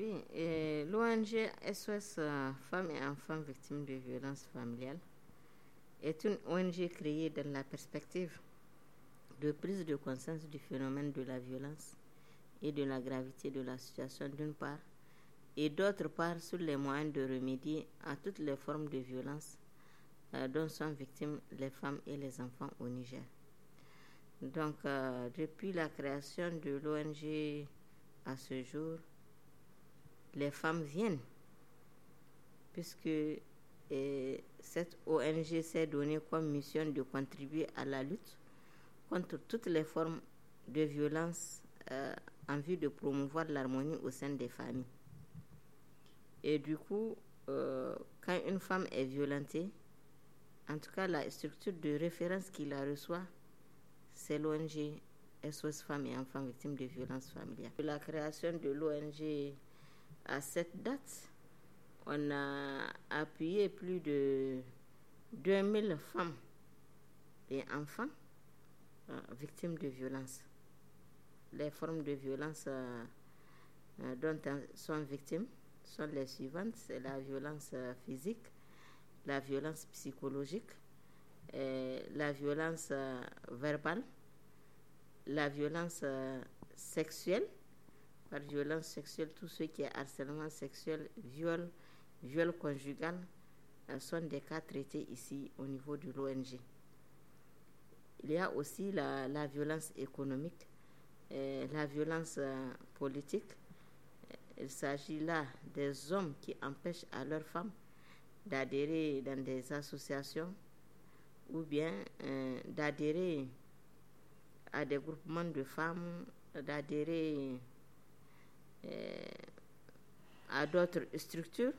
Oui, l'ONG SOS euh, Femmes et Enfants Victimes de Violence Familiales est une ONG créée dans la perspective de prise de conscience du phénomène de la violence et de la gravité de la situation d'une part, et d'autre part sur les moyens de remédier à toutes les formes de violence euh, dont sont victimes les femmes et les enfants au Niger. Donc, euh, depuis la création de l'ONG à ce jour, les femmes viennent, puisque eh, cette ONG s'est donnée comme mission de contribuer à la lutte contre toutes les formes de violence eh, en vue de promouvoir l'harmonie au sein des familles. Et du coup, eh, quand une femme est violentée, en tout cas la structure de référence qui la reçoit, c'est l'ONG SOS Femmes et Enfants Victimes de Violences Familiales. La création de l'ONG à cette date, on a appuyé plus de 2000 femmes et enfants euh, victimes de violences. Les formes de violence euh, euh, dont sont victimes sont les suivantes c'est la violence physique, la violence psychologique, la violence verbale, la violence sexuelle par violence sexuelle, tout ce qui est harcèlement sexuel, viol, viol conjugal, euh, sont des cas traités ici au niveau de l'ONG. Il y a aussi la, violence économique, euh, la violence euh, politique. Il s'agit là des hommes qui empêchent à leurs femmes d'adhérer dans des associations ou bien d'adhérer à des groupements de femmes, d'adhérer à d'autres structures